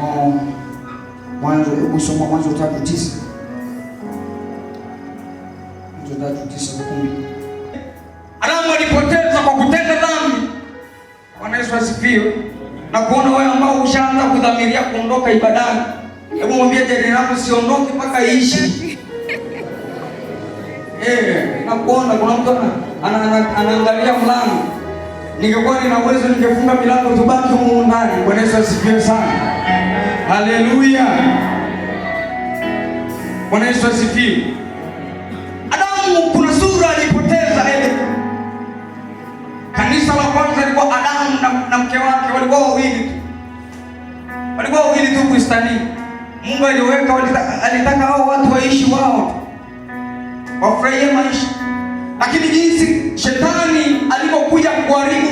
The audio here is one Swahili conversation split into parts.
no Mwanzo, hebu soma Mwanzo tatu Mwanzo tatu Adamu alipoteza kwa kutenda dhambi. Bwana Yesu asifiwe. Na kuona wewe ambao ushaanza kudhamiria kuondoka ibadani, hebu mwambie jirani yako usiondoke mpaka iishi. Eh, nakuona kuna mtu anaangalia mlango. Ningekuwa nina uwezo ningefunga milango tubaki huko ndani. Bwana Yesu asifiwe sana. Haleluya! Bwana Yesu asifiwe. Adamu kuna sura alipoteza ile. Kanisa la kwanza lilikuwa Adamu na, na mke wake walikuwa wawili tu, walikuwa wawili tu kustani. Mungu aliweka, alitaka hao watu waishi wao, wafurahie maisha, lakini jinsi shetani alipokuja kuharibu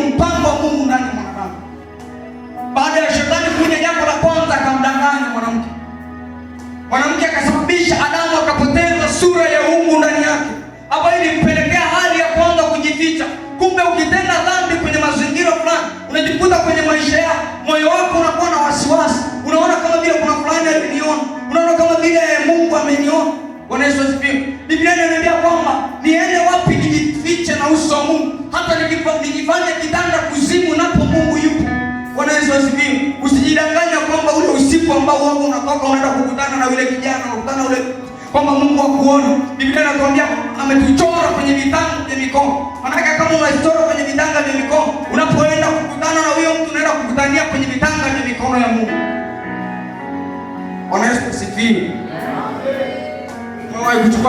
ameniona. Bwana Yesu asifiwe. Biblia inaniambia kwamba niende wapi nijifiche na uso wa Mungu, hata nikifanya kitanda kuzimu, napo Mungu yupo. Bwana Yesu asifiwe. Usijidanganya kwamba ule usiku ambao wako unatoka unaenda kukutana na yule kijana, unakutana ule kwamba Mungu akuona. Biblia inatuambia ametuchora kwenye vitanga vya mikono. Maana kama unachora kwenye vitanga vya mikono, unapoenda kukutana na huyo mtu unaenda kukutania kwenye vitanga vya mikono ya Mungu. Bwana Yesu asifiwe. Uma live de